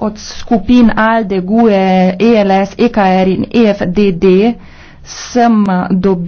od skupin ALDE, GUE, ELS, EKR in EFDD sem dobila